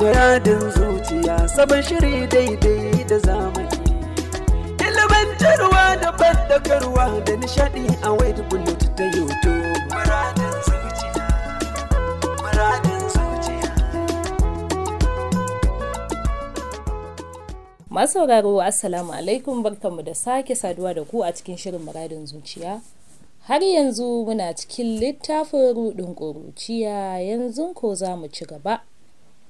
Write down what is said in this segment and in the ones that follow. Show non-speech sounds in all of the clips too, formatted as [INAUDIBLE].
Muradin zuciya sabon shiri daidai da zamani. Ilimantarwa da bandakarwa da nishadi a wade bullet ta YouTube. Muradin zuciya, muradin zuciya. Masu Assalamu alaikum barkanmu da sake saduwa da ku a cikin shirin muradin zuciya. har yanzu muna cikin littafin ruɗin ƙuruciya yanzu ko za mu ci gaba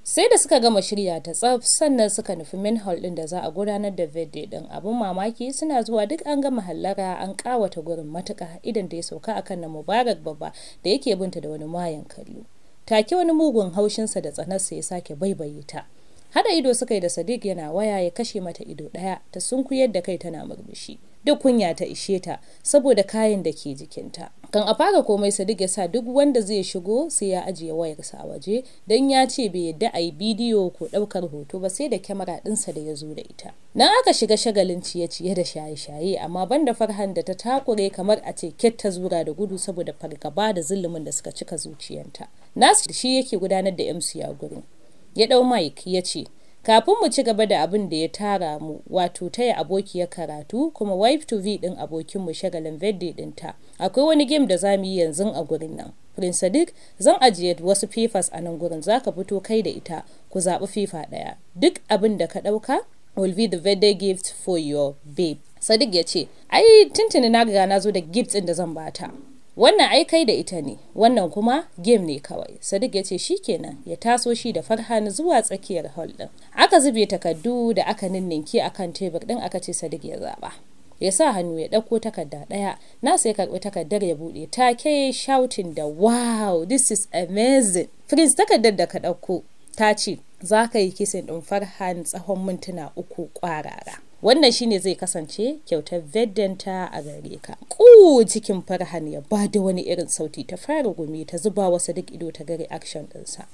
sai da suka gama shirya ta tsaf sannan suka nufi min ɗin da za a gudanar da vedde din abin mamaki suna zuwa duk an gama hallara an kawata gurin matuka idan da ya sauka akan na mubarak babba da yake binta da wani mayan kallo take wani mugun haushinsa da tsanarsa ya sake baibaye ta hada ido suka yi da sadiq yana waya ya kashe mata ido ɗaya ta sunkuyar da kai tana murmushi duk kunya ta ishe ta saboda kayan da ke jikinta kan a fara komai sadiq ya sa duk wanda zai shigo sai ya ajiye wayarsa a waje don ya ce bai yadda a yi bidiyo ko ɗaukar hoto ba sai da kyamara ɗinsa da ya zo da ita nan aka shiga shagalin ciye-ciye da shaye-shaye amma banda farhan da ta takure kamar a ce ta zura da gudu saboda fargaba da zulumin da suka cika zuciyanta nasu shi yake gudanar da mc a gurin ya ɗau mike ya ce Kafin mu ci gaba da abin da ya tara mu, wato taya abokiyar karatu kuma wife to be din abokin mu shagalin Verde dinta, akwai wani game da za mu yi yanzu a gurin nan. Prince Sadiq zan ajiye wasu fifas a nan gurin zaka fito kai da ita ku zaɓi fifa ɗaya. Duk abin da ka ɗauka will be the Verde gift for your babe. Sadiq ya ce, ai tuntuni na ga na zo da gift ɗin da zan bata. wannan ai kai da ita ne wannan kuma game ne kawai sadiq ya ce shi shikenan ya taso shi da farhan zuwa tsakiyar hall din aka zube takardu da aka ninninke kan tebur din aka ce sadiq ya zaba ya sa hannu ya ɗauko takarda ɗaya na sai karɓi takardar ya buɗe ke shouting da wow this is amazing prince takardar da ka ɗauko ta ce za ka yi kisin ɗin farhan tsawon mintuna uku kwarara wannan shine zai kasance kyautar veddanta a gare ka ku cikin farhan ya ba da wani irin sauti ta fara gumi ta zuba wasa duk ido ta gari action ɗinsa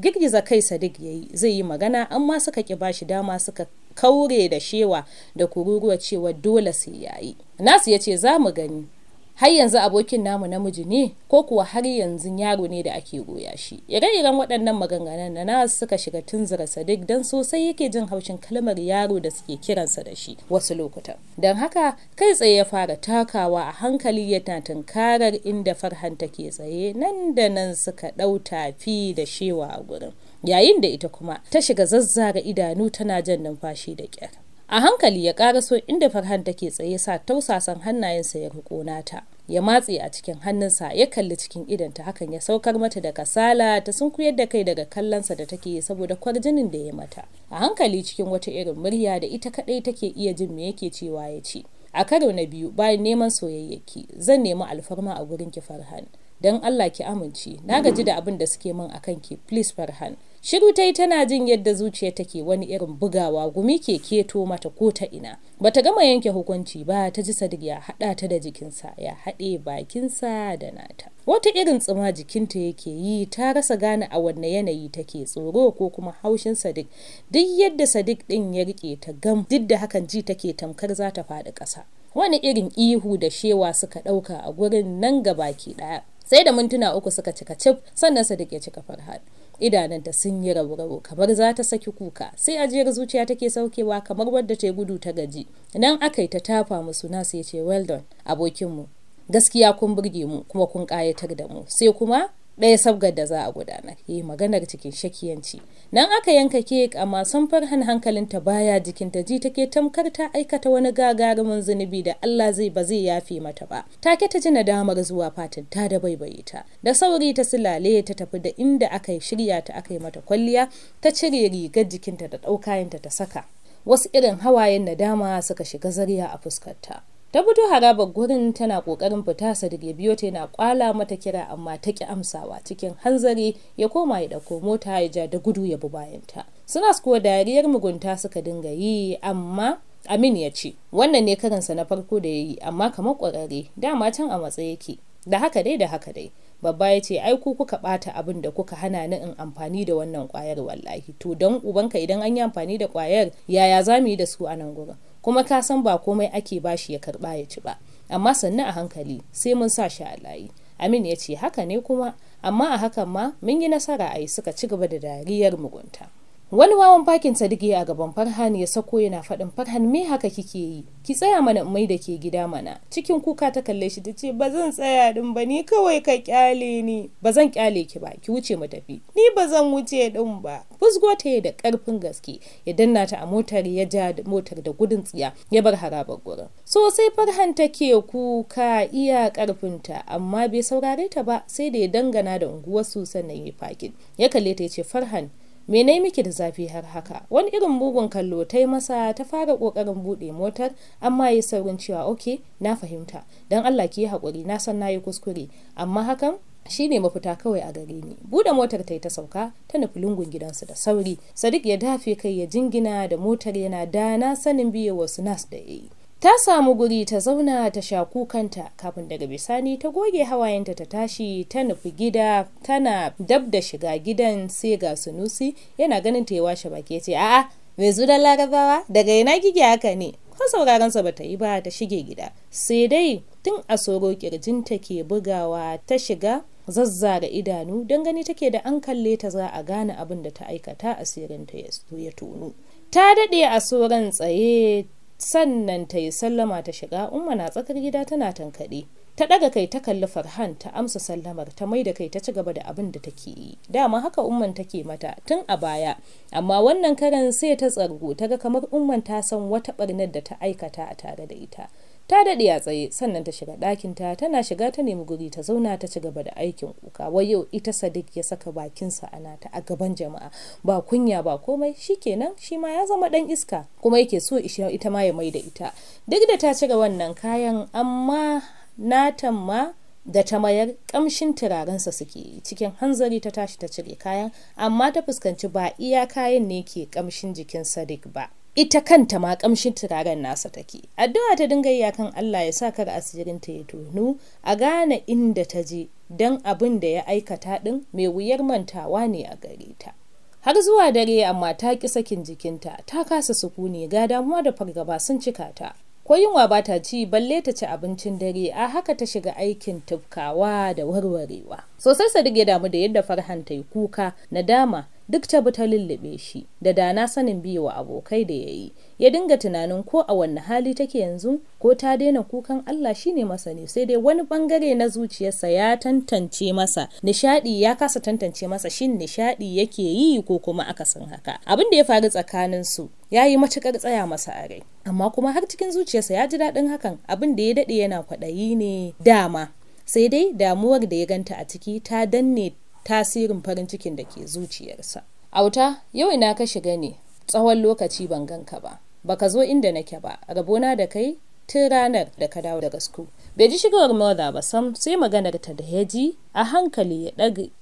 girgiza kai sadiq yayi zai yi magana amma suka ki bashi dama suka kaure da shewa da kururuwa cewa dole sai yayi nasu yace ce za mu gani har yanzu abokin namu namiji ne ko kuwa har yanzu yaro ne da ake goya shi ire-iren waɗannan maganganun na nas suka shiga zira sadiq don sosai yake jin haushin kalmar yaro da suke kiransa da shi wasu lokutan don haka kai tsaye ya fara takawa a hankali yana tunkarar inda farhan take tsaye nan da nan suka ɗau tafi da shewa a gurin yayin da ita kuma ta shiga zazzara idanu tana jan numfashi da ƙyar a hankali ya so inda farhan take tsaye sa tausasan hannayensa ya riƙo nata ya matse a cikin hannunsa ya kalli cikin idanta hakan ya saukar mata da kasala ta sunkuyar da kai daga kallonsa da take yi saboda kwarjinin da ya mata a hankali cikin wata irin murya da ita kaɗai take iya jin me yake cewa ya ce a karo na biyu bayan neman soyayyaki zan nemi alfarma a gurin ki farhan don allah ki amince na gaji da abin da suke min a kanki please farhan shiru ta yi tana jin yadda zuciya take wani irin bugawa gumi ke keto mata ko ta ina Ba ta gama yanke hukunci ba ta ji sadik ya haɗa ta da jikinsa ya haɗe bakinsa da nata wata irin tsuma jikinta yake yi ta rasa gane a wanne yanayi take tsoro ko kuma haushin sadik duk yadda sadik ɗin ya riƙe ta gam duk da hakan ji take tamkar za ta faɗi ƙasa wani irin ihu da shewa suka ɗauka a gurin nan gaba ki ɗaya sai da mintuna uku suka cika cif sannan sadiq ya cika farhad idananta sun yi rabu-rabu kamar za ta saki kuka sai ajiyar zuciya take saukewa kamar wadda ta gudu ta gaji nan aka yi ta tafa musu nasu ya ce weldon done abokinmu gaskiya kun burge mu kuma kun kayatar da mu sai kuma ɗaya sabgar da za a gudanar yi eh, maganar cikin shakiyanci nan aka yanka kek amma sun farhan hankalinta baya jikinta ji take tamkar ta aikata wani gagarumin zunubi da Allah zai ba zai yafe mata ba take ta ji nadamar zuwa fatin ta da baibaye ta da sauri ta silale ta tafi da inda aka shirya ta aka yi mata kwalliya ta cire rigar jikinta da ɗaukayanta ta saka wasu irin hawayen nadama suka shiga zariya a fuskarta ta fito harabar gurin tana kokarin fita sadiq ya biyo ta yana kwala mata kira amma ta ki amsawa cikin hanzari ya koma ya dauko mota ya ja da gudu ya bi bayanta suna kuwa dariyar mugunta suka dinga yi amma amin ya ce wannan ne karansa na farko da ya yi amma kamar kwararre dama can a matsayi yake da haka dai da haka dai babba ya ce ai ku kuka bata abin da kuka hana ni in amfani da wannan kwayar wallahi to don ubanka idan an yi amfani da kwayar yaya za mu yi da su a nan gurin kuma ka san ba komai ake bashi ya karba ya ci ba amma sannu a hankali sai mun sa shi a layi amin ya ce haka ne kuma amma a hakan ma mun yi nasara a yi suka ci gaba da dariyar mugunta wani wawan fakin dige a gaban farhan ya sako yana faɗin farhan me haka kike yi ki tsaya mana mai da ke gida mana cikin kuka ta kalle shi tace ce ba zan tsaya din ba ni kawai ka kyale ni ba zan kyale ki ba ki wuce mu tafi ni ba zan wuce din ba fusgo ta da karfin gaske ya danna ta a motar ya ja motar da gudun tsiya ya bar harabar gurin sosai farhan take kuka iya karfin ta amma bai saurare ta ba sai da ya dangana da unguwar su sannan ya fakin ya kalle ta yace farhan mene miki da zafi har haka wani irin bugun kallo ta yi masa ta fara kokarin bude motar amma ya yi saurin cewa ok na fahimta don allah ki yi hakuri na san na yi kuskure amma hakan shi ne mafita kawai a gare ni buɗe motar ta yi ta sauka ta nufi lungun gidansu da sauri sadiq ya dafe kai ya jingina da motar yana da na sanin biye wasu nas da ya yi ta samu guri ta zauna ta sha kukanta kafin daga bisani ta goge hawayenta ta tashi ta nufi gida tana dab da shiga gidan sai ga sunusi yana ganin ta yi washe baki ce a'a mai zudan larabawa daga yana gige haka ne ko sauraron ba ta yi ba ta shige gida sai dai tun a soro kirjinta ke bugawa ta shiga zazzara idanu don gani take da an kalle ta za a gane abin da ta aikata asirin ta ya tunu ta daɗe a soran tsaye sannan ta yi sallama ta shiga umma na tsakar gida tana tankaɗe ta ɗaga kai ta kalli farhan ta amsa sallamar ta mai da kai ta ci gaba da abin da take yi dama haka umman take mata tun a baya amma wannan karan sai ta tsargo ta ga kamar umman ta san wata ɓarnar da ta aikata a tare da ita ta daɗe a tsaye sannan ta shiga ɗakinta tana shiga ta nemi guri ta zauna ta ci gaba da aikin kuka wai yau ita sadiq ya saka bakinsa a nata a gaban jama'a ba kunya ba komai shikenan shi ma ya zama ɗan iska kuma yake so ita ma ya mai da ita duk da ta cire wannan kayan amma natan ma da ta mayar kamshin turarensa suke cikin hanzari ta tashi ta cire kayan amma ta fuskanci ba iya kayan ne ke kamshin jikin sadiq ba ita kanta ma kamshin turaren nasa take addu'a ta dinga yi kan Allah ya sa kar asirin ta ya tonu a gane inda ta je dan abin da ya aikata din mai wuyar mantawa ne a gare ta har zuwa dare amma ta ki sakin jikinta ta kasa sukuni ga damuwa da fargaba sun cika ta ko yunwa ba ta ci balle ta ci abincin dare a haka ta shiga aikin tufkawa da warwarewa sosai sadige damu da yadda farhan ta yi kuka nadama duk ta bi ta lullube shi da dana sanin biyu wa abokai da ya yi ya dinga tunanin ko a wanne hali take yanzu ko ta daina kukan Allah shine masani sai dai wani bangare na zuciyarsa ya tantance masa nishadi ya kasa tantance masa shin nishadi yake yi ko kuma akasin haka abin da ya faru tsakanin su ya yi matukar tsaya masa a rai amma kuma har cikin zuciyarsa ya ji daɗin hakan abin da ya daɗe yana kwaɗayi ne dama sai dai damuwar da ya ganta a ciki ta danne tasirin farin cikin da ke zuciyarsa auta yau ina ka shiga ne tsawon lokaci ban ganka ba baka zo inda nake ba rabona da kai tun ranar da ka dawo daga sku bai ji shigowar mother ba sam sai maganar ta da ya ji a hankali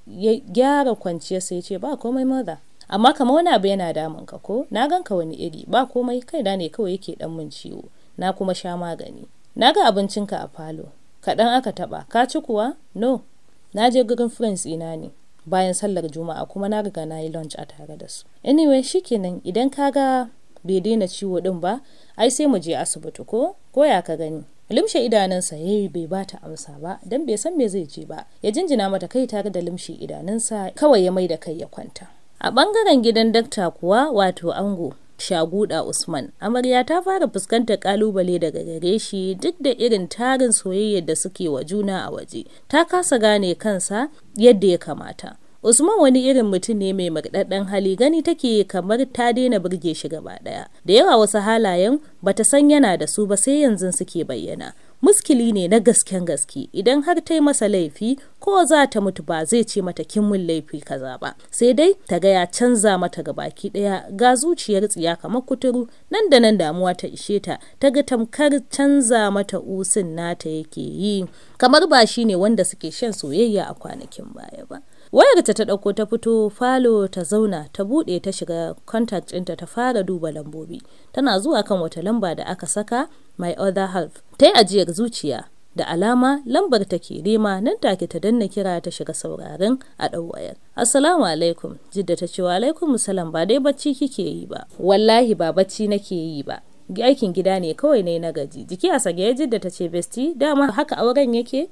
ya gyara kwanciya sai ce ba komai mother amma kamar wani abu yana damun ka ko na gan ka wani iri ba komai kai da ne kawai yake dan min ciwo na kuma sha magani na ga abincinka a falo kaɗan aka taɓa ka ci kuwa no Na je gurin friends ina ne bayan sallar Juma'a kuma na riga na yi lunch a tare da su. Anyway shikenan idan ka ga bai daina ciwo din ba ai sai mu je asibiti ko ko ya ka gani. Limshe idanunsa yi eh, bai bata amsa ba don bai san me zai ce ba. Ya jinjina mata kai tare da limshe idanunsa kawai ya mai da kai ya kwanta. A bangaren gidan dakta kuwa wato ango Shaguda Usman. Amarya ta fara fuskantar kalubale daga gare shi duk da irin tarin soyayyar da suke wa juna a waje. Ta kasa gane kansa yadda ya kamata. Usman wani irin mutum ne mai murɗaɗɗen hali gani take kamar ta daina burge shi gaba ɗaya. Da yawa wasu halayen bata san yana da su ba sai yanzu suke bayyana. Muskili ne na gasken gaske idan har ta yi masa laifi ko za ta mutu ba zai ce mata kin mun laifi kaza ba sai dai ta gaya canza mata ga baki daya ga zuciyar tsiya kamar kuturu nan da nan damuwa ta ishe ta ta ga tamkar canza mata usin nata yake yi kamar ba shi ne wanda suke shan soyayya a kwanakin baya ba wayarta ta ɗauko ta fito falo ta zauna ta buɗe ta shiga contact ɗinta ta fara duba lambobi tana zuwa kan wata lamba da aka saka my other half ta yi ajiyar zuciya da alama lambar ta ke nema nan take ta danna kira ta shiga sauraren a ɗau wayar assalamu alaikum jidda ta ce wa alaikum salam ba dai bacci kike yi ba wallahi ba bacci nake yi ba aikin gida ne kawai ne na gaji jiki a sage jidda ta ce besti dama haka auren yake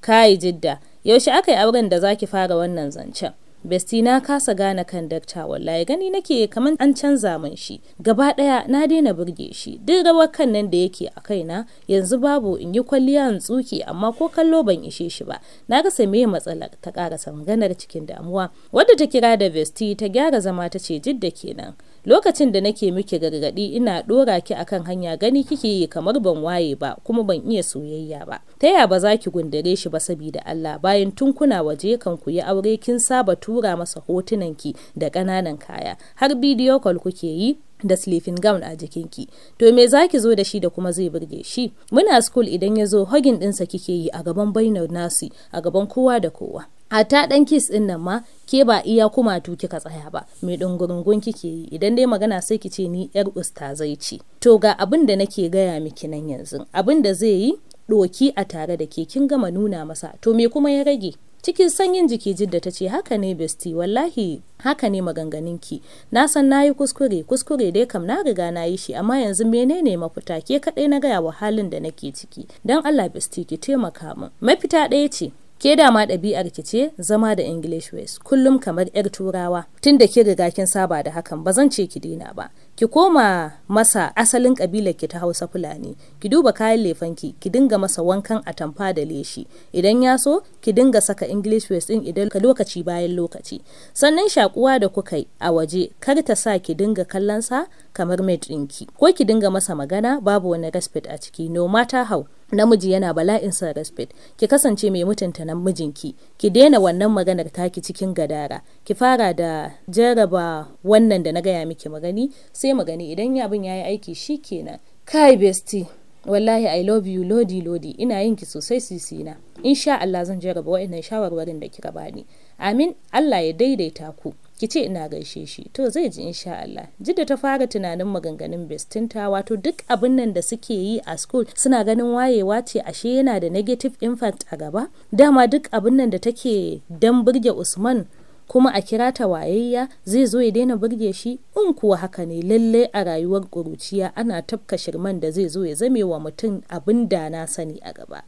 kai jidda yaushe aka yi auren da zaki fara wannan zancen Besti na kasa gane kan dakta wallahi gani nake kaman an canza min shi. Gaba daya na daina burge shi. Duk rawar kan nan da yake a kaina yanzu babu in yi kwalliya in tsuki amma ko kallo ban ishe shi ba. Na ga me matsalar ta karasa maganar cikin damuwa. Wadda ta kira da Besti ta gyara zama ta ce jidda kenan. lokacin da nake miki gargaɗi ina ɗora ki akan hanya gani kike yi kamar ban waye ba kuma ban iya soyayya ba ta ya ba za ki gundare shi ba saboda Allah bayan tun kuna waje kan ku yi aure kin saba tura masa hotunan ki da ƙananan kaya har bidiyo call kuke yi da sleeping gown a jikinki to me za ki zo da shi da kuma zai burge shi muna school idan ya zo hogin dinsa kike yi a gaban bainar nasi a gaban kowa da kowa ta ɗan kis ɗin nan ma ke ba iya kuma tu kika tsaya ba mai ɗungurungun kike yi idan dai magana sai ki ce ni yar usta zai ce to ga abin da nake gaya miki nan yanzu abin da zai yi ɗoki a tare da ke kin gama nuna masa to me kuma ya rage cikin sanyin jiki jidda ta ce haka ne besti wallahi haka ne maganganinki na san na yi kuskure kuskure dai kam na riga na yi shi amma yanzu menene mafita ke kaɗai na gaya wa halin da nake ciki don allah besti ki taimaka min mafita ɗaya ce Ke dama ɗabi'ar ki ce zama da English ways kullum kamar 'yar turawa tunda ki riga kin saba da hakan ba zan ce ki dina ba. Ki koma masa asalin kabilar ki ta Hausa Fulani, ki duba kayan lefanki, ki dinga masa wankan atamfa da leshi. Idan ya so, ki dinga saka English ways din idan lokaci bayan lokaci. Sannan shakuwa da kuka yi a waje, kar ta sa ki dinga kallon sa kamar mai ɗinki. Ko ki dinga masa magana babu wani respect a ciki, no matter how. namiji yana bala'in son respect ki kasance mai mutunta namijinki ki daina wannan maganar taki cikin gadara ki fara da jarraba wannan da na gaya miki magani sai magani idan abin yayi aiki shi kenan kai bestie wallahi i love you lodi lodi ina yin ki sosai sisi na insha Allah zan jarraba wa'annan shawarwarin da kika bani amin Allah ya daidaita ku ki ce ina gaishe shi to zai ji insha Allah jidda ta fara tunanin maganganun bestinta wato duk abin nan da suke yi a school suna ganin wayewa ce ashe yana da negative impact a gaba dama duk abin nan da take dan burge Usman kuma a kira ta wayayya zai zo ya daina burge shi in kuwa haka ne lalle a rayuwar ƙuruciya ana tafka shirman da zai zo ya zame wa mutum abin da na sani a gaba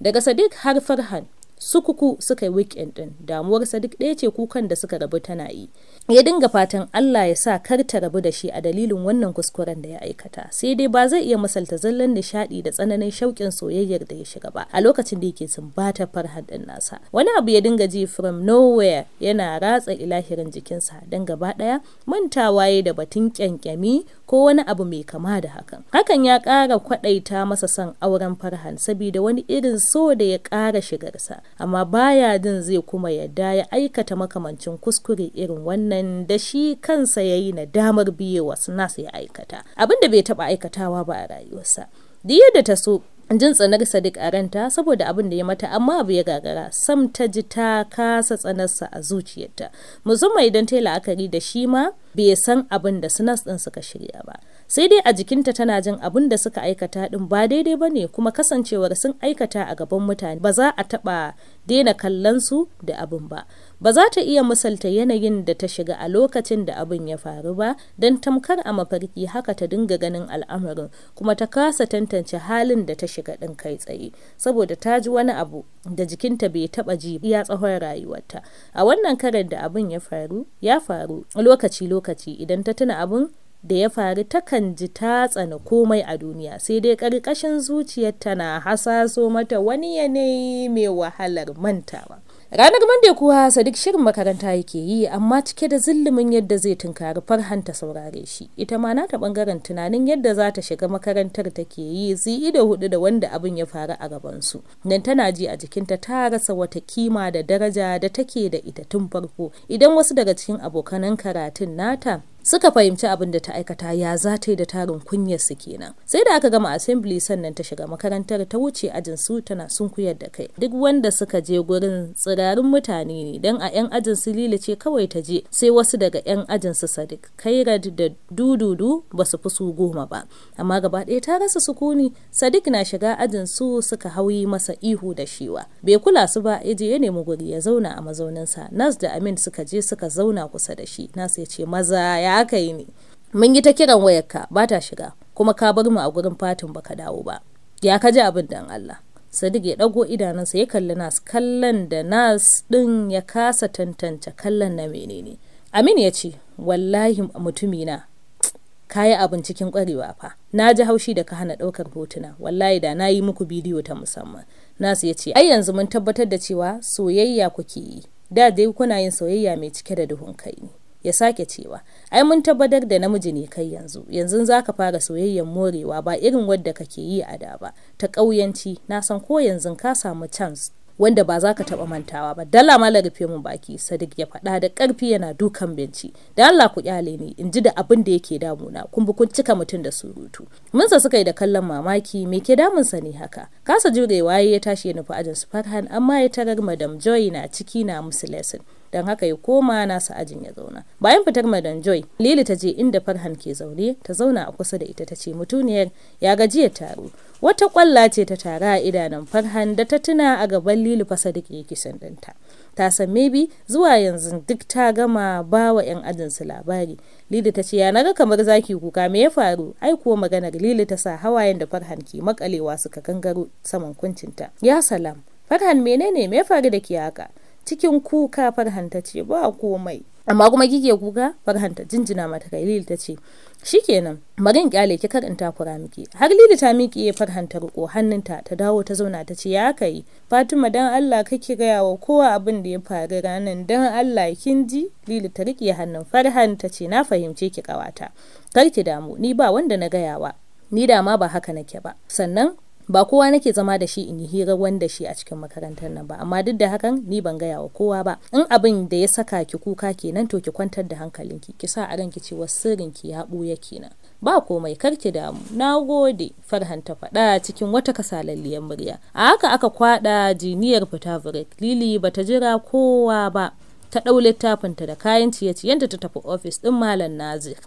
daga sadiq har farhan sukuku suka yi weekend din damuwarsa duk ɗaya ce kukan da suka rabu tana yi ya dinga fatan Allah ya sa kar ta rabu da shi a dalilin wannan kuskuren da ya aikata sai dai ba zai iya masalta zallan nishadi da tsananin shauƙin soyayyar da ya shiga ba a lokacin da yake sumbata farhad din nasa wani abu ya dinga ji from nowhere yana ratsa ilahirin jikinsa don gaba ɗaya mantawa ya da batun kyankyami ko wani abu mai kama da hakan hakan ya ƙara kwaɗaita masa son auren farhan saboda wani irin so da ya ƙara shigarsa amma baya din jin zai kuma yadda ya aikata makamancin kuskure irin wannan da shi kansa ya yi biye biyewa snas ya aikata abin da bai taba aikatawa ba a rayuwarsa. Diya da ta so jin tsanar Sadiq a ranta saboda abin da ya mata amma abu ya gagara sam ta ji ta kasa tsanarsa a zuciyarta musamman idan ta yi la'akari da shi ma bai san abin da Sinas ɗin suka shirya ba. sai dai a jikinta tana jin abin da suka aikata din ba daidai ba ne kuma kasancewar sun aikata a gaban mutane ba za a taɓa daina kallon su da abin ba ba za ta iya misalta yanayin da ta shiga a lokacin da abin ya faru ba don tamkar a mafarki haka ta dinga ganin al'amarin kuma ta kasa tantance halin da ta shiga din kai tsaye saboda ta ji wani abu da jikinta bai taɓa ji ya tsawon rayuwarta a wannan karar da abin ya faru ya faru lokaci lokaci idan ta tuna abin da ya faru takan ji ta tsana komai a duniya sai dai ƙarƙashin zuciyar tana hasaso mata wani yanayi mai wahalar mantawa. ranar monday kuwa sadiq shirin makaranta yake yi amma cike da zillumin yadda zai tunkari farhan ta saurare shi ita ma nata bangaren tunanin yadda za ta shiga makarantar take yi zai da hudu da wanda abin ya faru a gabansu nan tana ji a jikinta ta rasa wata kima da daraja da take da ita tun farko idan wasu daga cikin abokanan karatun nata suka fahimci abin da ta aikata ya za ta yi da tarin kunyar su kenan sai da aka gama assembly sannan ta shiga makarantar ta wuce ajin su tana sunkuyar da kai duk wanda suka je gurin tsirarin mutane ne dan a yan ajin su lila ce kawai ta je sai wasu daga yan ajin su sadik kairad da dududu ba su fi su goma ba amma gaba ɗaya ta rasa sukuni sadik na shiga ajin su suka hau yi masa ihu da shiwa bai kula su ba ya je ya nemi guri ya zauna a mazauninsa nas da amin suka je suka zauna kusa da shi nas ya ce maza ya aka yi ne mun yi ta kiran wayarka ba ta shiga kuma ka bar mu a gurin fatin baka dawo ba ya ka ji abin dan Allah Sadiq ya dago idanunsa ya kalli nas kallon da nas din ya kasa tantance kallon na menene Amin ya ce wallahi mutumina kayi abin cikin kwarewa fa na ji haushi da ka hana ɗaukar hotuna wallahi da na yi muku bidiyo ta musamman nasu ya ce ai yanzu mun tabbatar da cewa soyayya kuke yi da dai kuna yin soyayya mai cike da duhun kai ne ya sake cewa ai mun tabbatar da namiji ne kai yanzu yanzu za ka fara soyayyar morewa ba irin wadda kake yi a da ba ta ƙauyanci na san ko yanzu ka samu chance wanda ba za ka taɓa mantawa ba dala mala rufe mun baki sadiq ya faɗa da ƙarfi yana dukan benci da allah ku kyale ni in ji da abin da yake damuna kun bi kun cika mutum da surutu mun sa suka yi da kallon mamaki me ke sa ne haka kasa jurewa ya tashi ya nufi ajin su farhan amma ya tarar madam joy na ciki na musu lesson don haka ya koma nasa ajin ya zauna bayan fitar madan joy lili ta je inda farhan ke zaune ta zauna a kusa da ita ta ce mutuniyar ya gaji ya taru. wata kwalla ce ta tara a idanun farhan da ta tuna a gaban lili fasa da ke kisan ɗinta ta san maybe zuwa yanzu duk ta gama ba wa 'yan su labari lili ta ce ya naga kamar zaki kuka me ya faru ai kuwa maganar lili ta sa hawayen da farhan ke makalewa suka gangaro saman kuncinta ya salam farhan menene me ya faru da ke haka cikin kuka farhanta ce ba komai amma kuma kike kuka farhanta jinjina mata kai lili ta ce shikenan marin kyale ki karanta kura miki har lili ta miki ya farhanta riko hannunta ta dawo ta zauna ta ce ya kai fatima dan allah kake gaya wa kowa abin da ya faru ranan dan allah kin ji lili ta riƙe hannun farhanta ce na fahimce ki kawata kar ki damu ni ba wanda na gayawa ni da ma ba haka nake ba sannan ba kowa nake zama da shi in yi hira wanda shi a cikin makarantar nan ba amma duk da hakan ni ban gaya wa kowa ba in abin da ya saka ki kuka kenan to ki kwantar da hankalinki ki sa a ranki cewa sirrin ki ya buya kenan ba komai kar ki damu na gode farhan ta faɗa cikin wata kasalalliyar murya a haka aka kwaɗa jiniyar fita lili bata jira kowa ba ta ɗau littafinta da kayan ciye-ciyenta ta tafi ofis ɗin malam nazir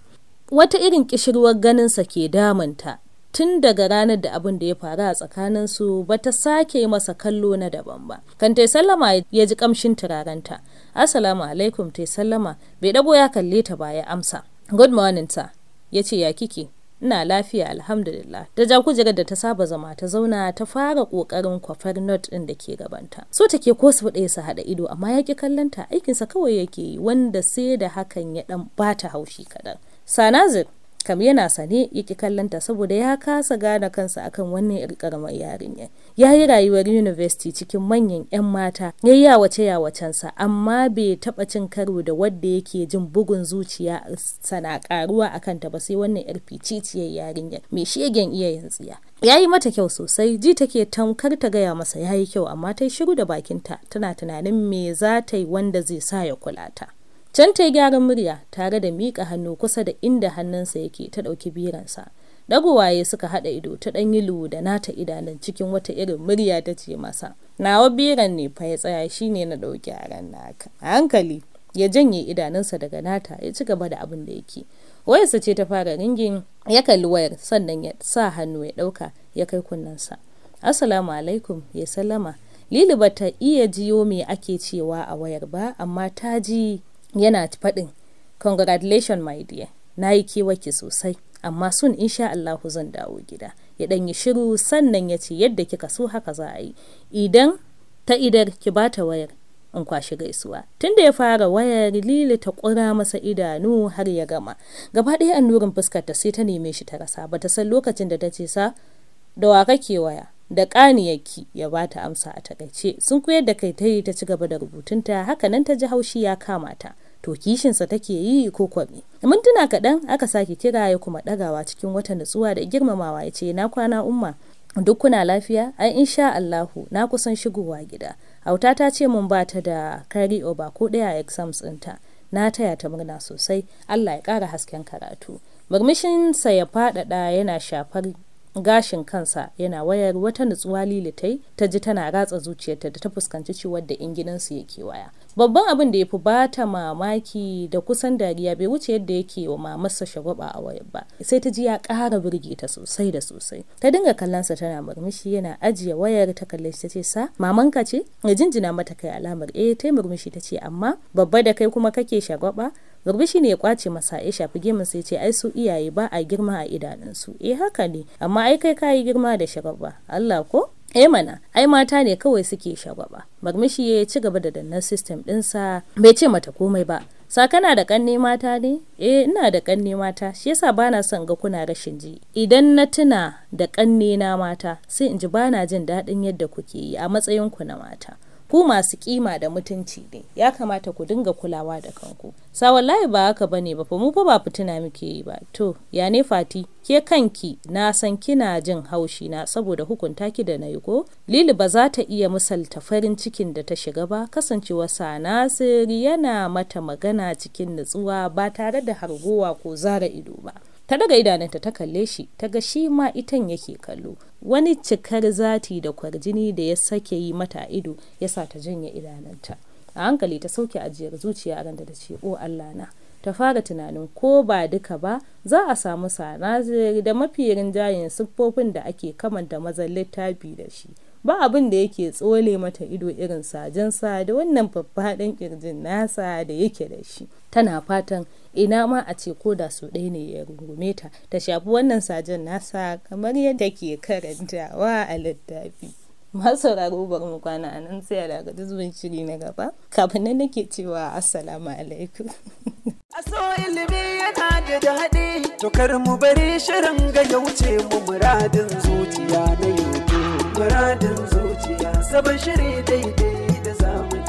wata irin kishirwar ganinsa ke damunta tun daga ranar da abin da ya faru a tsakanin su ba ta sake masa kallo na daban ba kan tai sallama ya ji kamshin turarenta assalamu alaikum tai sallama bai dabo ya kalle ta ba ya amsa good morning sir ya ce ya kike ina lafiya alhamdulillah da ja kujerar da ta saba zama ta zauna ta fara kokarin kwafar not din da ke gabanta so take ko su ɗaya su haɗa ido amma ya ki kallon ta aikinsa kawai yake yi wanda sai da hakan ya ɗan bata haushi kaɗan sanazir kam yana sane yake kallonta saboda ya kasa gane kansa akan wannan yar karamar yarinya ya yi rayuwar university cikin manyan yan mata ya yi yawace yawacensa amma bai taba cin karo da wadda yake jin bugun zuciya sana karuwa akan ta ba sai wannan yar ficiciyar yarinya mai shegen iya yanzu ya yi mata kyau sosai ji take tamkar ta gaya masa ya yi kyau amma ta shiru da bakinta tana tunanin me za ta yi wanda zai sa ya kula ta Can ta yi gyaran murya tare da miƙa hannu kusa da inda hannunsa yake ta ɗauki biransa. Dagowaye suka haɗa ido ta ɗan yi da nata idanun cikin wata irin murya ta ce masa, Nawa biran ne fa ya tsaya shi ne na ɗauki yaran naka. A hankali ya janye idanunsa daga nata ya ci gaba da abin da yake. Wayarsa ce ta fara ringin ya kalli wayar sannan ya sa hannu ya ɗauka ya kai kunnensa. Assalamu alaikum ya salama. Lili bata iya jiyo me ake cewa a wayar ba amma ta ji yana faɗin congratulation my dear na yi kewake sosai amma sun insha Allahu zan dawo gida ya ɗan yi shiru sannan ya ce yadda kika so haka za a yi idan ta idar ki ba ta wayar in kwashi gaisuwa tunda ya fara wayar lili ta ƙura masa idanu har ya gama gaba ɗaya annurin fuskar ta sai ta neme shi ta rasa ba ta san lokacin da ta ce sa da wa kake waya da ƙaniyarki ya ba ta amsa a takaice sun koyar da kai ta yi ta ci gaba da rubutunta nan ta ji haushi ya kama ta to kishinsa take yi ko kwame mintuna kaɗan aka sake kira ya kuma ɗagawa cikin wata nutsuwa da girmamawa ya ce na kwana umma duk kuna lafiya ai insha Allahu na kusan shigowa gida hauta ta ce mun ba ta da kari oba ko ɗaya exams ɗinta na taya ta murna sosai Allah ya ƙara hasken karatu murmushinsa ya faɗaɗa yana shafar gashin kansa yana wayar wata nutsuwa lili ta ta ji tana ratsa zuciyarta da ta fuskanci ciwon da inginansu ya kewaya babban abin da ya fi bata mamaki da kusan dariya bai wuce yadda yake wa mamarsa shagwaba a wayar ba sai ta ji ya ƙara birge ta sosai da sosai ta dinga kallonsa tana murmushi yana ajiye wayar ta kalle shi ta ce sa mamanka ce ya jinjina mata kai alamar eh ta murmushi ta ce amma babba da kai kuma kake shagwaba garba shi ne ya kwace masa ya shafi gemun sai ce ai su iyaye ba a girma a idanunsu eh haka ne amma ai kai kayi girma da shagaba Allah ko eh mana ai mata ne kawai suke shagaba magmishi ya ci gaba da dannan system dinsa bai ce mata komai ba sakana da kanne mata ne eh ina da kanne mata shi yasa bana son ga kuna rashin ji idan na tuna da kanne na mata sai in ji bana jin daɗin yadda kuke yi a matsayin ku na mata ku masu kima da mutunci ne ya kamata ku dinga kulawa da kanku sa layi ba haka bane ba fa mu fa ba fitina muke yi ba to ya ne fati ke kanki na san kina jin haushi na saboda hukunta ki da nayi ko lili ba za ta iya misalta farin cikin da ta shiga ba kasancewa sa nasiri yana mata magana cikin nutsuwa ba tare da hargowa ko zara ido ba ta daga idanunta ta kalle shi ta ga shi ma itan yake kallo wani cikar zati da kwarjini da ya sake yi mata ido ya sa ta janye idanunta a hankali ta sauke ajiyar zuciya a ranta da ce o allah na ta fara tunanin ko ba duka ba za a samu sana da mafi rinjayen siffofin da ake kaman da mazan littafi da shi ba abin da yake tsole mata ido irin sajensa da wannan faffaɗin kirjin nasa da yake da shi tana fatan ina ma a ce ko da su ɗaya ne ya rungume ta ta shafi wannan sajen nasa kamar yadda ke karantawa a littafi masu bar mu kwana a nan sai a daga zuwan shiri na gaba kafin nan nake cewa assalamu alaikum aso [LAUGHS] ilimi yana da daɗi to kar mu bari shirin ga ya wuce mu muradin zuciya na yau muradin zuciya sabon shiri daidai da zamani